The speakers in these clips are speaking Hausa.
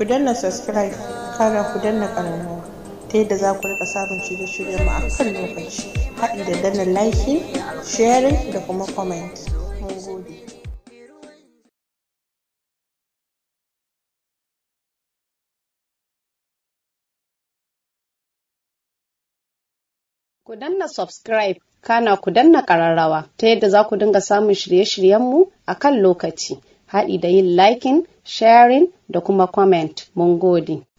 ku danna subscribe kara ku danna ƙararrawa ta yadda za ku rika samun shirye shiryen mu a kan lokaci haɗi da danna like sharing da kuma comment Ku danna subscribe, kana ku danna ƙararrawa ta yadda za ku dinga samun shirye-shiryenmu a kan lokaci. haɗi da yin liking, sharing da kuma comment. Mun gode.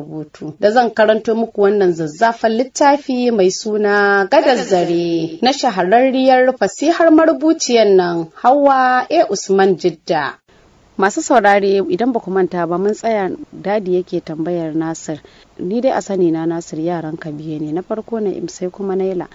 rubutu da zan karanto muku wannan zazzafan littafi mai suna gadar zare na shahararriyar fasihar marubuciyar nan Hawa A Usman Jidda. Masu saurare idan ba ku manta ba mun tsaya dadi yake tambayar Nasir. Ni dai a sani na Nasir yaran ka ne na farko na imsai kuma Naila.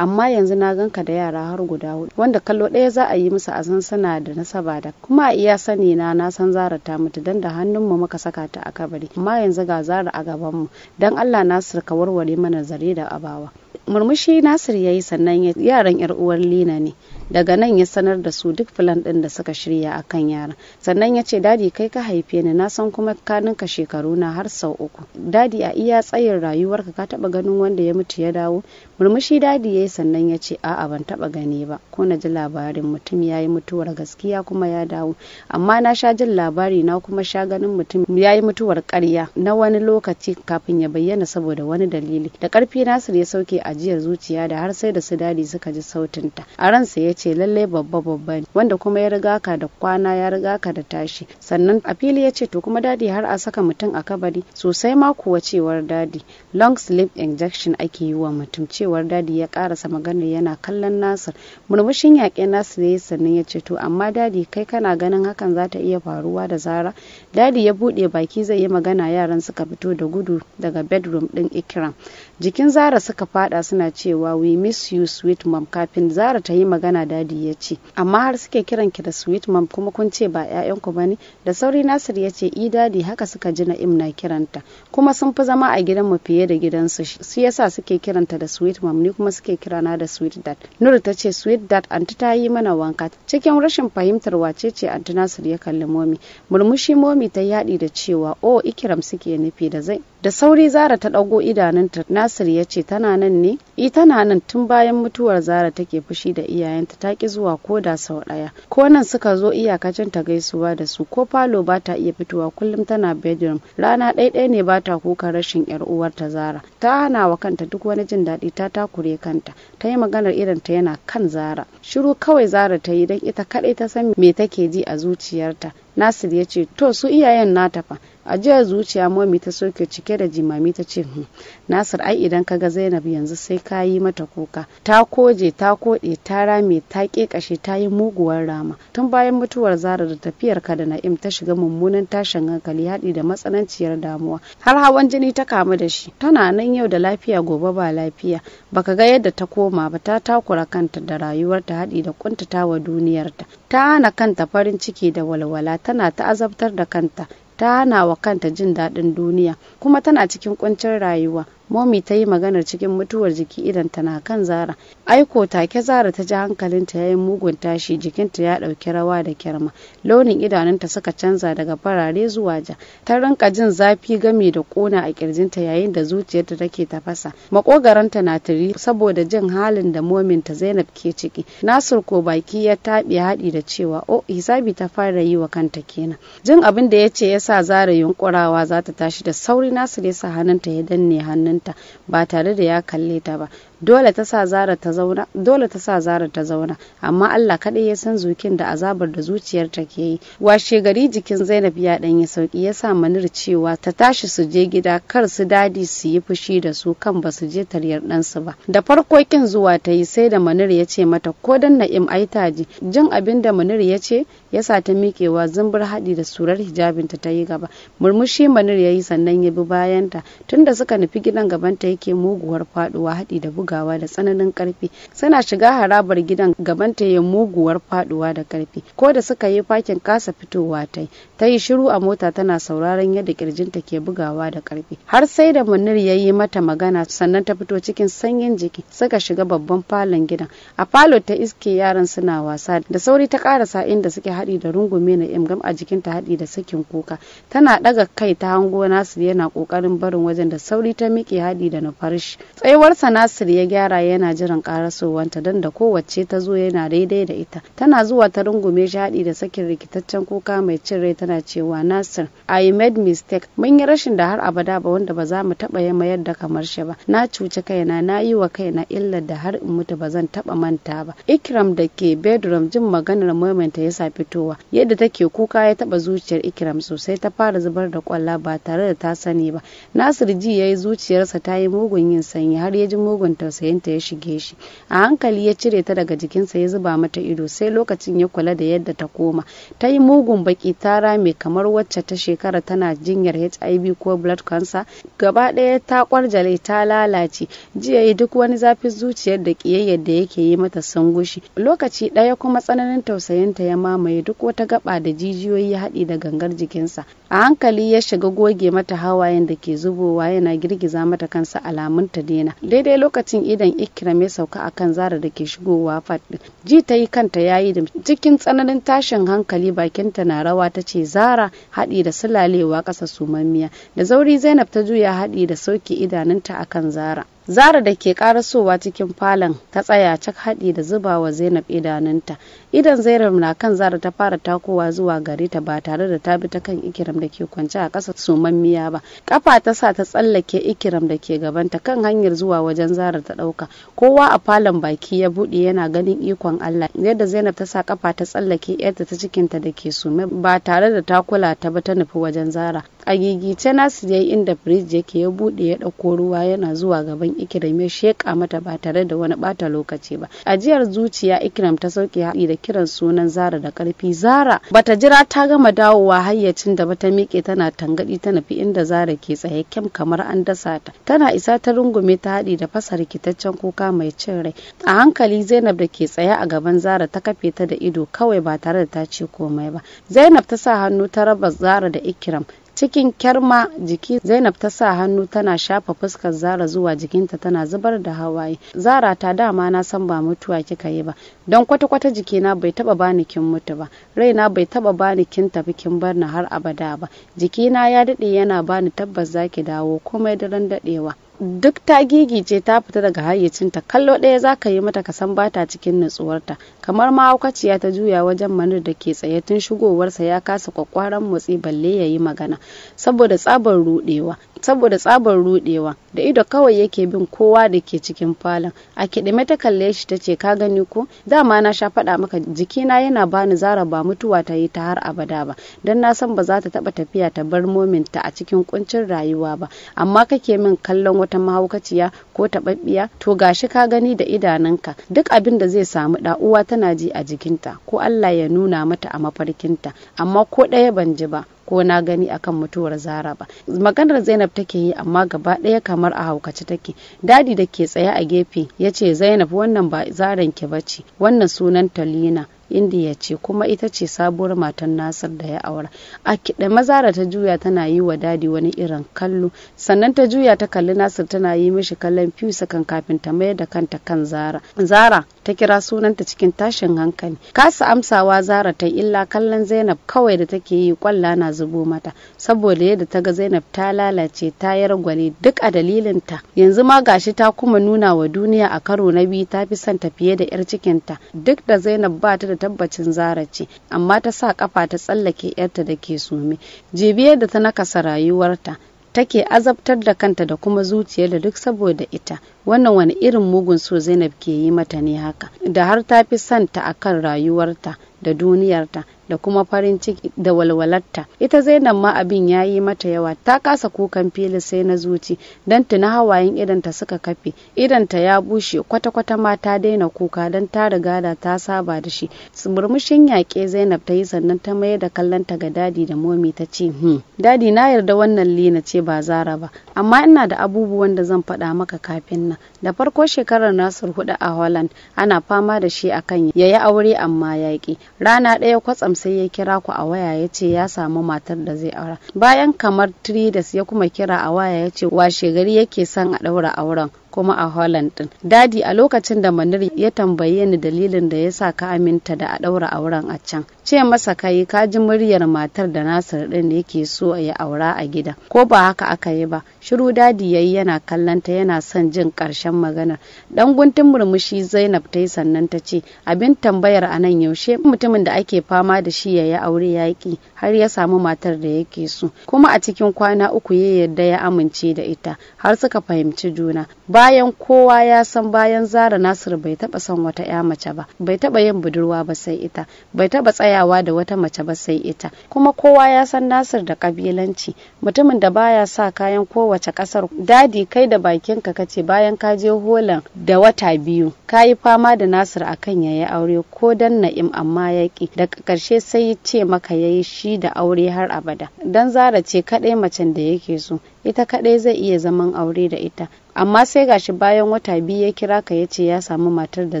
amma yanzu na ganka da yara har guda hudu wanda kallo ɗaya za a yi musu a san suna da nasaba da kuma a iya sani na na san zara ta mutu dan da hannun mu muka saka ta a kabari amma yanzu ga zara a gaban mu dan Allah Nasir ka warware mana zare da abawa murmushi Nasir yayi sannan yaran yar uwar Lina ne daga nan ya sanar da su duk filan ɗin da suka shirya a kan yaran sannan ya ce dadi kai ka haife ni na san kuma ka shekaru na har sau uku dadi a iya tsayin rayuwarka ka taba ganin wanda ya mutu ya dawo murmushi dadi ya yi sannan ya ce a'a ban taba gani ba ko na ji labarin mutum ya yi mutuwar gaskiya kuma ya dawo amma na sha jin labari na kuma sha ganin mutum ya yi mutuwar karya. na wani lokaci kafin ya bayyana saboda wani dalili da karfi nasir ya sauke ajiyar zuciya da har sai da su dadi suka ji sautinta a ransa ya ce lallai babba babba ne wanda kuma ya riga ka da kwana ya riga ka da tashi sannan a fili ya ce to kuma dadi har a saka mutum a kabari sosai ma kuwa cewar dadi long sleep injection ake yi wa mutum cewar dadi ya karasa maganar yana kallon nasir murmushin yaƙe nasir ya sannan ya ce to amma dadi kai kana ganin hakan za ta iya faruwa da zara dadi ya buɗe baki zai yi magana yaran suka fito da gudu daga bedroom ɗin ikram jikin zara suka fada suna cewa we miss you sweet mom kafin zara ta yi magana dadi ya ce amma har suke kiran ki da sweet mom kuma kun ce ba 'ya'yanku bane da sauri nasir ya ce i e, dadi haka suka ji na na kiranta kuma sun fi zama a gidan mu fiye da gidansu su yasa suke kiranta da sweet mom ni kuma suke kirana da sweet dad nur ta ce sweet dad anti ta yi mana wanka cikin rashin fahimtar wace ce anti nasir ya kalli momi murmushi momi ta yaɗi da cewa o oh, ikiram suke nufi da zai da sauri zara ta ɗago idanunta nasir ya ce tana nan ne i eh, tana nan tun bayan mutuwar zara take fushi da iyayenta ta ki zuwa ko da sau ɗaya ko nan suka zo iyakacin ta gaisuwa da su ko falo ba ta iya fitowa kullum tana bedroom rana daidai ne ba ta kuka rashin yar uwarta zara ta hana wa kanta duk wani jin daɗi ta takure kanta ta yi maganar irin ta yana kan zara shiru kawai zara ta yi don ita kaɗai ta san me take ji a zuciyarta nasir ya ce to su iyayen nata fa A ajiyar zuciya momi ta soke cike da jimami ta ce hmm, nasir ai idan ka ga zainab yanzu sai ka yi mata kuka ta koje ta koɗe ta rame ta kashe ta yi muguwar rama tun bayan mutuwar zara da tafiyar ka da na'im ta shiga mummunan tashin hankali haɗi da matsananciyar damuwa har hawan jini ta kamu da shi tana nan yau da lafiya gobe ba lafiya baka ga yadda ta koma ba ta takura kanta da rayuwarta haɗi da kuntatawa duniyarta ta hana kanta farin ciki da walwala tana ta azabtar da kanta ta hana wa kanta jin daɗin duniya kuma tana cikin kuncin rayuwa Momi ta yi maganar cikin mutuwar jiki idan tana kan Zara. Aiko take Zara ta ji hankalinta ya yi mugun tashi jikinta ya ɗauki rawa da kyarma. Launin idanunta suka canza daga farare zuwa ja. Ta rinka jin zafi gami da ƙona a ƙirjinta yayin da zuciyarta take tafasa. Makogaranta na tiri saboda jin halin da mominta Zainab ke ciki. Nasir ko baki ya taɓe haɗi da cewa o hisabi ta fara yi wa kanta kenan. Jin abin da ya ce ya sa Zara yunƙurawa za ta tashi da sauri Nasir ya sa hannunta ya danne hannun ta ba tare da ya kalle ta ba dole ta sa zara ta zauna dole ta sa zara ta zauna amma Allah kaɗai ya san zukin da azabar da zuciyarta ta ke yi washe gari jikin Zainab ya dan yi sauki ya sa manir cewa ta tashi su je gida kar su dadi su yi fushi da su kan ba su je taryar ɗansu ba da farko kin zuwa ta yi sai da manir ya ce mata ko dan Na'im ai taji jin abin da manir ya ce ya sa ta miƙewa zumbur haɗi da surar hijabinta ta yi gaba murmushi manir ya yi sannan ya bi bayanta tunda suka nufi gidan gabanta yake muguwar faɗuwa haɗi da buga bugawa da tsananin karfi suna shiga harabar gidan gaban ta yin muguwar faduwa da karfi ko da suka yi fakin kasa fitowa ta ta yi shiru a mota tana sauraron yadda kirjinta ke bugawa da karfi har sai da munir ya yi mata magana sannan ta fito cikin sanyin jiki suka shiga babban falon gidan a falo ta iske yaran suna wasa da sauri ta karasa inda suke haɗi da rungume na imgam a jikinta haɗi da sakin kuka tana ɗaga kai ta hango nasir yana ƙoƙarin barin wajen da sauri ta miƙe haɗi da nufar shi tsayuwarsa nasir ya gyara yana jiran karasowanta don da kowacce ta zo yana daidai da ita tana zuwa ta rungume shi haɗi da sakin rikitaccen kuka mai cin rai tana cewa nasir i made mistake mun yi rashin da har abada ba wanda ba za mu taɓa yi mayar da kamar shi ba na cuci kaina na yi wa kaina illar da har in mutu ba zan taɓa manta ba ikram da ke bedroom jin maganar maimaita yasa fitowa yadda take kuka ya taɓa zuciyar ikram sosai ta fara zubar da kwalla ba tare da ta sani ba nasir ji ya yi zuciyarsa ta yi mugun yin sanyi har ya ji mugun tausayinta ya shige shi a hankali ya cire ta daga jikinsa ya zuba mata ido sai lokacin ya kula da yadda ta koma ta yi mugun baki ta rame kamar wacce ta shekara tana jinyar hiv ko blood cancer gaba ɗaya ta kwarjale ta lalace jiya yi duk wani zafin zuciyar da ƙiyayyar da yake yi mata sun gushi lokaci ɗaya kuma tsananin tausayinta ya mamaye duk wata gaba da jijiyoyi haɗi da gangar jikinsa a hankali ya shiga goge mata hawayen da ke zubowa yana girgiza mata kansa alamun ta daina daidai lokacin idan ikram ya sauka a kan zara da ke shigowa fat ji ta yi kanta ya yi da cikin tsananin tashin hankali bakinta na rawa ta ce zara haɗi da sulalewa ƙasa sumammiya da zauri zainab ta juya haɗi da sauke idanunta akan zara zara da ke karasowa cikin falon ta tsaya cak haɗi da zubawa zainab idanunta idan zainab na kan zara ta fara takowa zuwa gare ta ba tare da ta bi ta kan ikiram da ke kwance a ƙasa sumammiya ba kafa ta sa ta tsallake ikiram da ke gabanta kan hanyar zuwa wajen zara ta ɗauka kowa a falon baki ya buɗe yana ganin ikon allah yadda zainab ta sa kafa ta tsallake yarta ta cikinta da ke sume ba tare da ta kula ta ba ta nufi wajen zara a gigice ya yi inda firij yake ya bude ya dauko ruwa yana zuwa gaban ikiram ya sheka mata ba tare da wani bata lokaci ba ajiyar zuciya ikiram ta sauke haɗi da kiran sunan Zara da karfi Zara bata jira ta gama dawowa hayyacin da bata miƙe tana tangadi ta nufi inda Zara ke tsaye kyam kamar an dasa ta tana isa ta rungume ta haɗi da fasa rikitaccen kuka mai cin rai a hankali Zainab da ke tsaye a gaban Zara ta kafe ta da ido kawai ba tare da ta ce komai ba Zainab ta sa hannu ta raba Zara da ikiram cikin kyarma jiki zainab ta sa hannu tana shafa fuskar zara zuwa jikinta tana zubar da hawaye zara ta dama na san ba mutuwa kika yi ba don kwata-kwata jikina bai taba bani kin mutu ba raina bai taba bani kin tafi kin bar har abada ba jikina ya daɗe yana bani tabbas zaki dawo komai daren daɗewa duk ta gigice ta fita daga hayyacinta kallo ɗaya za ka yi mata ka kasan bata cikin nutsuwarta kamar ma ta juya wajen manir da ke tsaye tun shigowarsa ya kasa kwakwaran motsi balle ya yi magana saboda tsabar rudewa saboda tsabar rudewa da ido kawai yake bin kowa da ke cikin falon a kiɗime ta kalle shi ta ce ka gani ko dama na sha faɗa maka jikina yana bani zara ba mutuwa ta yi ta har abada ba don na san ba za ta taɓa tafiya ta bar mominta a cikin kuncin rayuwa ba amma kake min kallon wata wata mahaukaciya ko taɓaɓɓiya to gashi ka gani da idanunka duk abin da zai samu da uwa tana ji a jikinta ko Allah ya nuna mata a mafarkinta amma ko ɗaya ban ji ba ko na gani akan mutuwar zara ba maganar zainab take yi amma gaba ɗaya kamar a haukace take dadi da ke tsaye a gefe ya ce zainab wannan ba zaran ki bace wannan sunan talina indiya ce kuma ita ce sabuwar matan nasir da ya aura a kiɗa da ta juya tana yi wa dadi wani irin kallo sannan ta juya ta kalli nasir tana yi mishi kallon fiyu sakan kafin ta mayar da kanta kan zara zara ta kira sunanta cikin tashin hankali kasa amsawa zara ta illa kallon zainab kawai da take yi kwalla na zubo mata saboda yadda ta ga zainab ta lalace ta yargwale duk a dalilin ta yanzu ma gashi ta kuma nuna wa duniya a karo na biyu ta fi son ta fiye da yar cikinta duk da zainab ba ta da tabbacin zara ce amma ta sa kafa ta tsallake yarta da ke sume jibiyar da ta nakasa rayuwarta take azabtar da kanta da kuma zuciya da duk saboda ita wannan wani irin mugun so zainab ke yi mata ne haka da har ta fi santa akan rayuwarta da duniyarta da kuma farin ciki da walwalarta ita zainab ma abin ya yi mata yawa ta kasa kukan fili sai na zuci don tuna hawayen idanta suka kafe idanta ya bushe kwata-kwata ma ta daina kuka don ta riga da ta saba da shi murmushin yaƙe zainab ta yi sannan ta mayar da kallon ta ga dadi da momi ta ce hmm dadi na yarda wannan lina ce ba zara ba amma ina da abubuwan da zan faɗa maka kafin nan da farko shekarar nasir hudu a holland ana fama da shi akan yayi aure amma yaƙi rana ɗaya kwatsam sai ya kira ku a waya ya ce ya samu matar da zai aura bayan kamar Tridas ya kuma kira a waya ya ce washe gari yake son a ɗaura auren kuma a Holland din. Dadi a lokacin da Manir ya tambaye ni dalilin da ya sa ka aminta da a ɗaura auren a can. Ce masa kai ka ji muryar matar da Nasir din yake so ya aura a gida. Ko ba haka aka yi ba. Shiru dadi yayi yana kallanta yana son jin karshen magana. Dan guntun murmushi Zainab ta yi sannan ta ce abin tambayar a nan yaushe mutumin da ake fama da shi ya yi aure yaƙi har ya samu matar da yake so. Kuma a cikin kwana uku ya yarda ya amince da ita har suka fahimci juna. bayan kowa ya san bayan zara nasiru bai taba son wata ya mace ba bai taba yin budurwa ba sai ita bai taba tsayawa da wata mace ba sai ita kuma kowa ya san nasir da kabilanci mutumin da baya sa kayan kowace kasar dadi kai da bakinka kace bayan ka je holan da wata biyu ka yi fama da nasir akan ya yi aure ko dan na'im amma ya ki ƙarshe karshe sai ya ce maka ya yi shi da aure har abada dan zara ce kadai macen da yake so ita kadai zai iya zaman aure da ita amma sai gashi bayan wata biyu ya kira ka ya ce ya samu matar da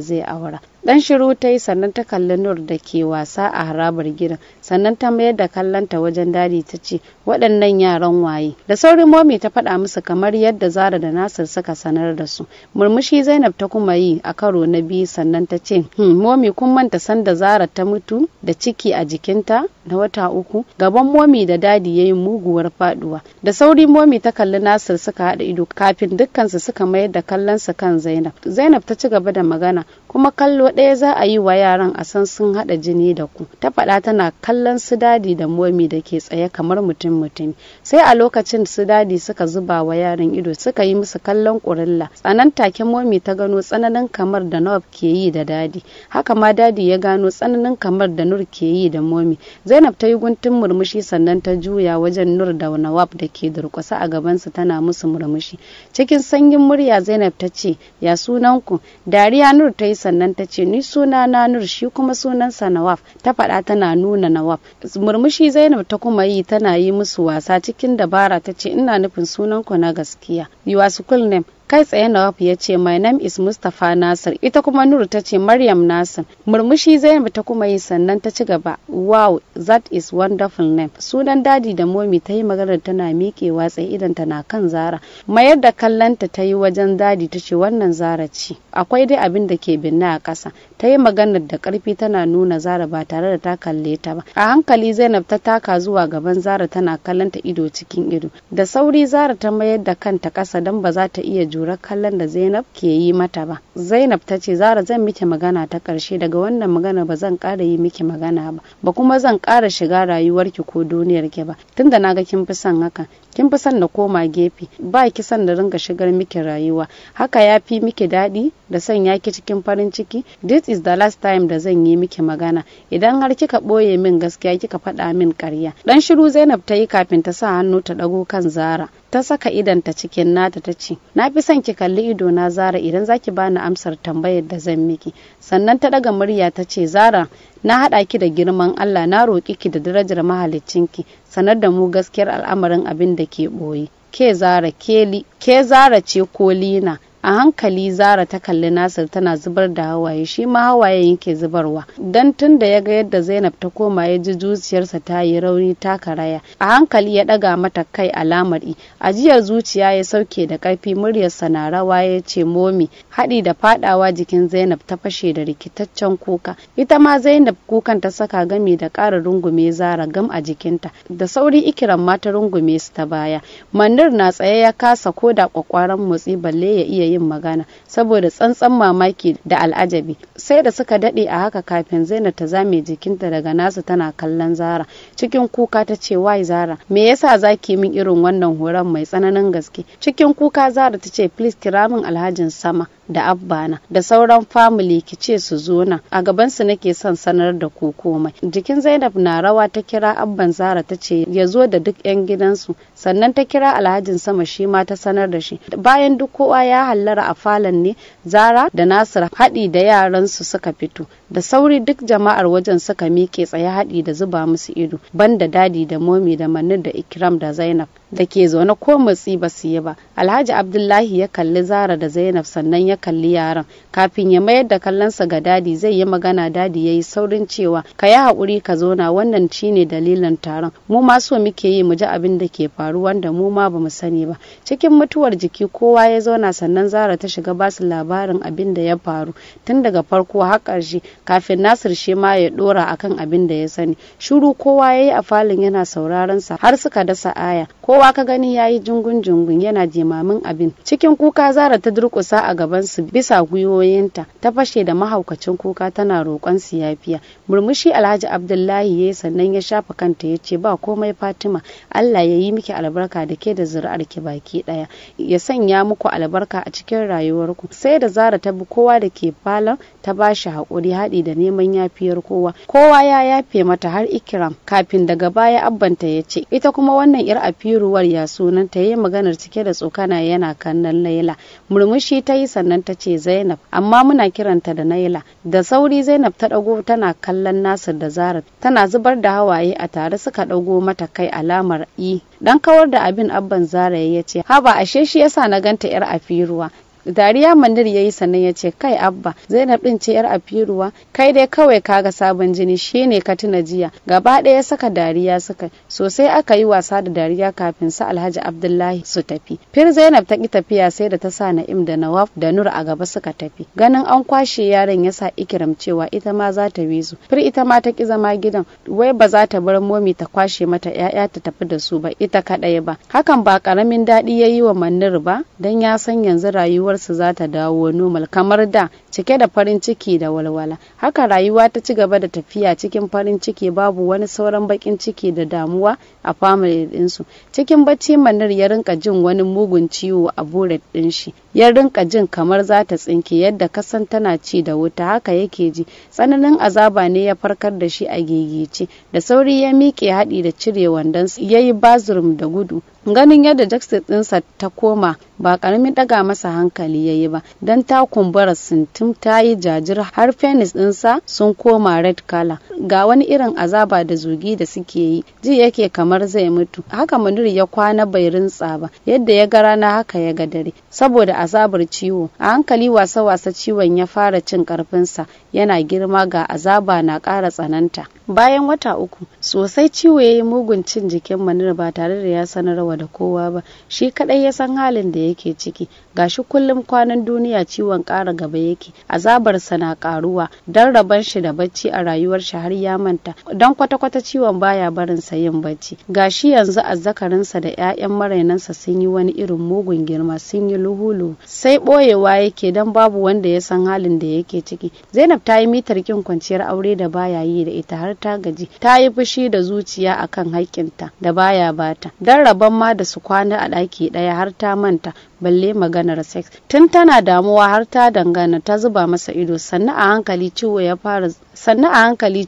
zai aura dan shiru ta yi sannan ta kalli nur da ke wasa a harabar gidan sannan ta mayar da kallonta wajen dadi ta ce waɗannan yaran waye da saurin momi ta faɗa musu kamar yadda zara da nasir suka sanar da su murmushi zainab ta kuma yi a karo na biyu sannan ta ce hmm, momi kun manta sanda zara ta mutu da ciki a jikinta na wata uku gaban momi da dadi ya yi muguwar faduwa da sauri momi ta kalli nasir suka haɗa ido kafin dukkansu suka mayar da kallonsu kan zainab zainab ta ci gaba da magana kuma kallo ɗaya za a yi wa yaran a san sun haɗa jini da ku ta faɗa tana kallon su dadi da momi da ke tsaye kamar mutum mutum sai a lokacin su dadi suka zuba wa yaran ido suka yi musu kallon ƙurilla tsanan take momi ta gano tsananin kamar da nawab ke yi da dadi haka ma dadi ya gano tsananin kamar da nur ke yi da momi zainab ta yi guntun murmushi sannan ta juya wajen nur da nawab da ke durƙusa a gabansu tana musu murmushi cikin sanyin murya zainab ta ce ya sunanku dariya nur ta yi sannan ta ce ce ni suna na nur shi kuma sunansa nawaf ta faɗa tana nuna nawaf murmushi zainab ta kuma yi tana yi musu wasa cikin dabara ta ce ina nufin sunanku na gaskiya yiwa school name kai tsaye wafi ya ce my name is mustapha nasir ita kuma nuru ta ce maryam nasir murmushi zainab ta kuma yi sannan ta ci gaba wow that is wonderful name sunan dadi da momi ta yi maganar tana miƙewa tsaye idan tana kan zara mayar da kallonta ta yi wajen dadi ta ce wannan zara ce akwai dai abin da ke binne a ƙasa ta yi maganar da karfi tana nuna zara ba tare da ta kalle ta ba a hankali zainab ta taka zuwa gaban zara tana kallonta ido cikin ido da sauri zara ta mayar da kanta ƙasa don ba za ta iya jura kallon da zainab ke yi mata ba zainab ta ce zara zan miki magana ta ƙarshe daga wannan magana ba zan ƙara yi miki magana ba ba kuma zan ƙara shiga rayuwarki ko duniyarki ba tunda na ga kin fi son haka kin fi son na koma gefe ba ki son da ringa shigar miki rayuwa haka ya fi miki daɗi da sanya ki cikin farin ciki duk is the last time da zan yi miki magana idan har kika ɓoye min gaskiya kika faɗa min ƙarya ɗan shiru zainab ta yi kafin ta sa hannu ta ɗago kan zara ta saka ta cikin nata ta ce na fi son ki kalli ido na zara idan zaki bani amsar tambayar da zan miki sannan ta ɗaga murya ta ce zara na haɗa ki da girman allah na roƙi ki da darajar ki. sanar da mu gaskiyar al'amarin abin da ke ɓoye ke zara keli ke zara ce kolina a hankali zara ta kalli nasir tana zubar da hawaye shi ma hawayen yake zubarwa dan tun da ya ga yadda zainab ta koma ya ji zuciyarsa ta yi rauni ta karaya a hankali ya daga mata kai alamar i ajiyar zuciya ya sauke da ƙarfi muryarsa na rawa ya ce momi haɗi da faɗawa jikin zainab ta fashe da rikitaccen kuka ita ma zainab kukan ta saka gami da ƙara rungume zara gam a jikinta da sauri ikiran mata rungume su ta baya manir na tsaye ya kasa ko da kwakwaran motsi balle ya iya yin magana saboda tsantsan mamaki da al'ajabi sai da suka daɗe a haka kafin zainab ta zame jikinta daga nasu tana kallon zara cikin kuka ta ce wai zara me yasa zaki min irin wannan horon mai tsananin gaske cikin kuka zara ta ce please kira min alhajin sama da abba na da sauran family ki ce su zo nan a gaban su nake son sanar da ku komai jikin zainab na rawa ta kira abban zara ta ce ya zo da duk yan gidansu sannan ta kira alhajin sama shi ma ta sanar da shi bayan duk kowa ya hallara a falon ne zara da nasir haɗi da yaran su suka fito da sauri duk jama'ar wajen suka miƙe tsaye haɗi da zuba musu ido banda dadi da momi da manir da ikram da zainab da ke zaune ko matsi ba su yi ba alhaji abdullahi ya kalli zara da zainab sannan ya kalli yaran kafin ya mayar da kallonsa ga dadi zai yi magana dadi ya yi saurin cewa ka yi haƙuri ka zauna wannan shine dalilin taron mu ma so muke yi mu ji abin da ke faru, wanda mu ma bamu sani ba cikin mutuwar jiki kowa ya zauna sannan zara ta shiga basu labarin abin da ya faru tun daga farko har ƙarshe kafin nasir shi ma ya dora akan abin da ya sani shiru kowa ya yi a falin yana sauraron sa har suka dasa aya kowa ka gani ya yi jungun jungun yana jimamin abin cikin kuka zara ta durkusa a gaban su bisa gwiwoyinta ta fashe da mahaukacin kuka tana roƙon su yafiya murmushi alhaji abdullahi ya sannan ya shafa kanta ya ce ba komai fatima allah ya yi miki albarka da ke da zuri'arki baki ɗaya. ya sanya muku albarka a cikin rayuwarku sai da zara ta bi kowa da ke falon ta bashi haƙuri haɗi da neman yafiyar kowa kowa ya yafe mata har ikiram kafin daga baya abbanta ya ce ita kuma wannan yar afiruwar ya sunan ta yi maganar cike da tsokana yana kannan laila murmushi ta yi sannan ta ce zainab amma muna kiranta da naila da sauri zainab ta dago tana kallon nasir da zarar tana zubar da hawaye a tare suka dago mata kai alamar i dan kawar da abin abban zara ya ce haba ashe shi yasa na ganta yar afiruwa dariya mandir ya yi sannan ya ce kai abba zainab din ce yar afiruwa kai dai kawai kaga sabon jini shine ka tuna jiya gaba ɗaya saka dariya suka sosai aka yi wasa da dariya kafin su alhaji abdullahi su tafi fir zainab ta ki tafiya sai da ta sa na'im da nawaf da nur a gaba suka tafi ganin an kwashe yaron ya sa ikiram cewa ita ma za ta wezu. fir ita ma ta ki zama gidan wai ba za ta bar momi ta kwashe mata 'ya'ya ta tafi da su ba ita kaɗai ba hakan ba ƙaramin daɗi ya yi wa mandir ba don ya san yanzu rayuwa rayuwarsa za ta dawo nomal kamar da cike da farin ciki da walwala haka rayuwa ta ci gaba da tafiya cikin farin ciki babu wani sauran bakin ciki da damuwa a family dinsu cikin bacci manar ya rinka jin wani mugun ciwo a buret din shi ya rinka jin kamar za ta tsinke yadda kasan tana ci da wuta haka yake ji tsananin azaba ne ya farkar da shi a gigice da sauri ya miƙe haɗi da cire wandonsa ya yi bazurum da gudu ganin yadda jackson ɗinsa ta koma ba karamin daga masa hankali yayi ba don ta kumbura sintim ta yi jajir har fenis dinsa sun koma red kala ga wani irin azaba da zugi da suke yi ji yake kamar zai mutu haka munir ya kwana bai rintsa ba yadda ya ga rana haka ya ga dare saboda azabar ciwo a hankali wasa wasa ciwon ya fara cin karfinsa yana girma ga azaba na ƙara tsananta bayan wata uku sosai ciwo ya yi mugun cin jikin munir ba tare da ya sanarwa wa da kowa ba shi kadai ya san halin da yake ciki gashi kullum kwanan duniya ciwon kara gaba yake azabarsa na karuwa dan raban shi da bacci a rayuwar shi har ya manta dan kwata-kwata ciwon baya barin sa yin bacci gashi yanzu sa da 'ya'yan marainansa sun yi wani irin mugun girma sun yi luhulu sai boyewa yake dan babu wanda ya san halin da yake ciki zainab ta yi mitar kin kwanciyar aure da baya yi da ita har ta gaji ta yi fushi da zuciya akan haƙƙinta da baya bata dan raban fama da su kwana a ɗaki ɗaya har ta manta balle maganar sex tun tana damuwa har ta dangana ta zuba masa ido sannan a hankali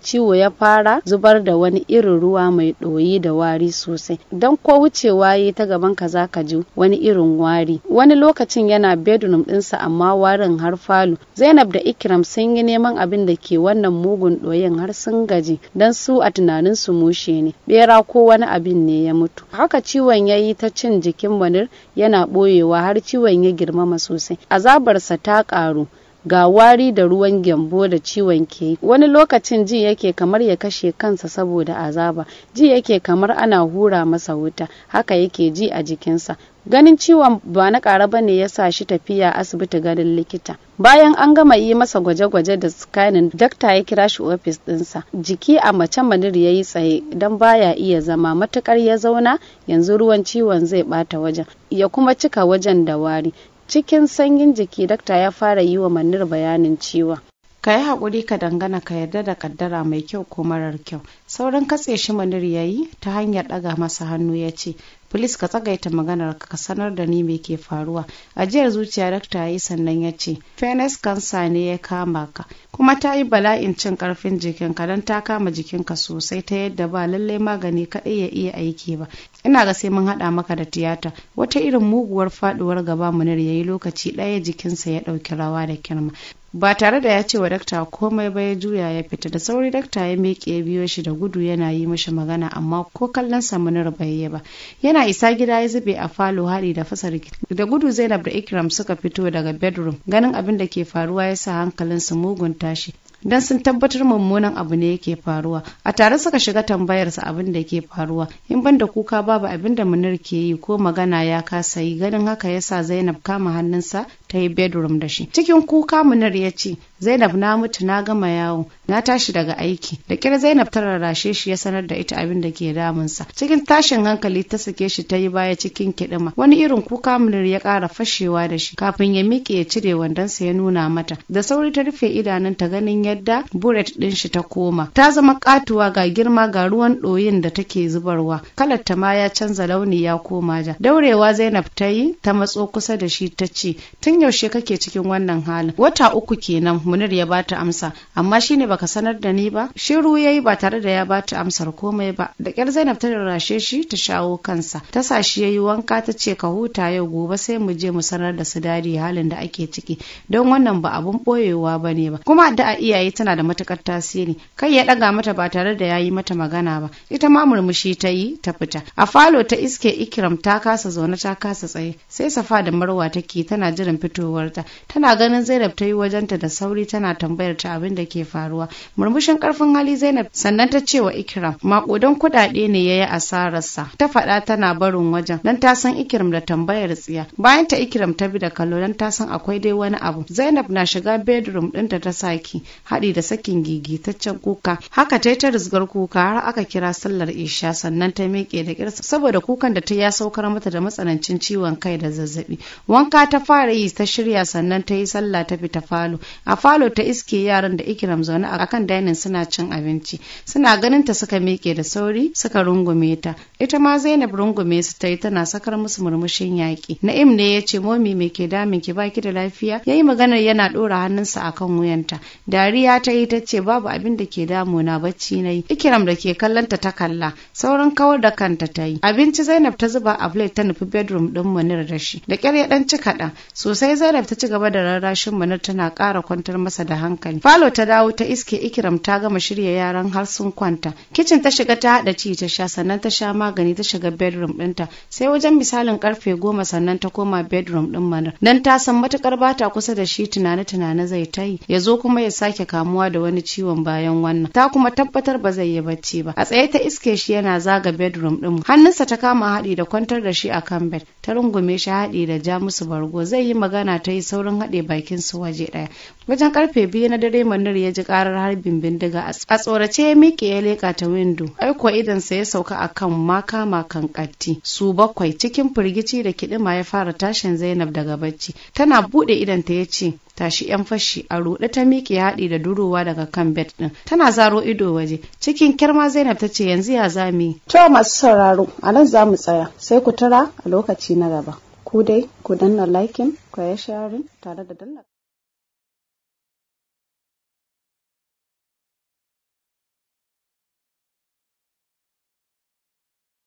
ciwo ya fara zubar da wani irin ruwa mai ɗoyi da wari sosai don ko wucewa yi ta gaban ka zaka ji wani irin wari wani lokacin yana bedroom ɗinsa amma warin har falo zainab da ikram sun yi neman abin da ke wannan mugun ɗoyin har sun gaji don su a tunanin su mushe ne bera ko wani abin ne ya mutu haka ciwon ya yi ta cin jikin wani yana ɓoyewa har ciwon ya girmama sosai azabarsa ta ƙaru ga wari da ruwan gyambo da ciwon ke wani lokacin ji yake kamar ya kashe kansa saboda azaba ji yake kamar ana hura masa wuta haka yake ji a jikinsa ganin ciwon ba na ƙara ba ne ya sa shi tafiya asibiti ganin likita bayan an gama yi masa gwaje-gwaje da scanning dakta ya kira shi ofis ɗinsa jiki a mace manir ya yi tsaye don baya iya zama matukar ya zauna yanzu ruwan ciwon zai bata wajen ya kuma cika wajen da wari cikin sanyin jiki dakta ya fara yi wa manir bayanin ciwon ka yi haƙuri ka dangana ka yarda da kaddara mai kyau ko marar kyau saurin katse shi manir ya yi ta hanyar ɗaga masa hannu ya ce filis ka tsagaita maganar ka sanar da ni mai ke faruwa ajiyar zuciya dakta ya yi sannan ya ce fenes kansa ne ya kama ka kuma ta yi bala'in cin karfin jikinka don ta kama jikinka sosai ta yadda ba lallai magani kaɗai ya iya aiki ba ina ga sai mun haɗa maka da tiyata wata irin muguwar faɗuwar gaba munir ya yi lokaci ɗaya jikinsa ya ɗauki rawa da kirma ba tare da ya ce wa dakta komai ba ya juya ya fita da sauri dakta ya miƙe ya biyo shi da gudu yana yi mashi magana amma ko kallon sa munir bai ba yana isa gida ya zube a falo haɗi da fasa da gudu Zainab da Ikram suka fito daga bedroom ganin abin da ke faruwa ya sa hankalin su mugun tashi don sun tabbatar mummunan abu ne yake faruwa a tare suka shiga tambayarsa abin da yake faruwa in ban da kuka babu abin da munir ke yi ko magana ya kasa yi ganin haka yasa Zainab kama hannunsa ta yi bedroom da shi cikin kuka munar ya ce zainab na mutu na gama yawo na tashi daga aiki da kira zainab ta rarrashe shi ya sanar da ita abin da ke damunsa cikin tashin hankali ta sake shi ta yi baya cikin kiɗima wani irin kuka munar ya ƙara fashewa da shi kafin ya miƙe ya cire wandonsa ya nuna mata da sauri ta rufe idanun ta ganin yadda buret ɗin shi ta koma ta zama katuwa ga girma ga ruwan ɗoyin da take zubarwa kalar ta ma ya canza launi ya koma ja daurewa zainab ta yi ta matso kusa da shi ta ce tun yaushe kake cikin wannan halin wata uku kenan munir ya bata amsa amma shine baka sanar da ni ba shiru yayi ba tare da ya bata amsar komai ba da kyar zainab ta rarashe shi ta shawo kansa ta sa shi yayi wanka ta ce ka huta yau gobe sai mu je mu sanar da su dadi halin da ake ciki don wannan ba abun boyewa bane ba kuma a iyaye tana da matukar tasiri kai ya daga mata ba tare da yayi mata magana ba ita ma murmushi ta yi ta fita a falo ta iske ikiram ta kasa zaune ta kasa tsaye sai safa da marwa take tana jiran fito fitowarta tana ganin zainab ta yi wajenta da sauri tana tambayar ta abin da ke faruwa murmushin karfin hali zainab sannan ta ce wa ikram makudan kuɗaɗe ne ya yi asararsa ta faɗa tana barin wajen dan ta san ikram da tambayar tsiya bayan ta ikram ta bi da kallo dan ta san akwai dai wani abu zainab na shiga bedroom ɗinta ta saki haɗi da sakin gigitaccen kuka haka ta yi ta risgar kuka har aka kira sallar isha sannan ta miƙe da ƙirsa saboda kukan da ta ya saukar mata da matsanancin ciwon kai da zazzabi wanka ta fara yi ta shirya sannan ta yi sallah ta fita falo a falo ta iske yaran da ikiram zaune a kan dainin suna cin abinci suna ganin ta suka miƙe da sauri suka rungume ta ita ma zainab rungume su ta yi tana sakar musu murmushin yaƙi na'im ne ya ce momi me ke damin ki baki da lafiya ya yi maganar yana ɗora hannunsa a kan wuyanta dariya ta yi ta ce babu abin da ke na bacci na yi ikiram da ke kallonta ta kalla saurin kawar da kanta ta yi abinci zainab ta zuba a plate ta nufi bedroom ɗin munir da shi da ƙyar ya ɗan ci kaɗan sosai Sai zainab ta ci gaba da rarrashin na tana kara kwantar masa da hankali falo ta dawo ta iske ikiram ta gama shirya yaran har sun kwanta kicin ta shiga ta haɗa ci ta sha sannan ta sha magani ta shiga bedroom ɗinta sai wajen misalin karfe goma sannan ta koma bedroom ɗin mana. dan ta san matukar bata kusa da shi tunane tunane zai ta yi ya zo kuma ya sake kamuwa da wani ciwon bayan wannan ta kuma tabbatar ba zai yi bacci ba a tsaye ta iske shi yana zaga bedroom ɗin hannunsa ta kama haɗi da kwantar da shi a kan bed ta rungume shi haɗi da ja musu bargo zai yi magana magana ta yi saurin haɗe bakin su waje ɗaya wajen karfe biyu na dare manir ya ji karar harbin bindiga a tsorace ya miƙe ya leƙa ta windo aiko idan sa ya sauka akan maka makan ƙatti su bakwai cikin firgici da kiɗima ya fara tashin zainab daga bacci tana buɗe idan ta ya ce tashi yan fashi a ruɗe ta miƙe haɗi da durowa daga kan bed ɗin tana zaro ido waje cikin kirma zainab ta ce yanzu ya zami to masu sauraro a nan za tsaya sai ku tara a lokaci na gaba ku dai ku danna liking ku yi sharing tare da danna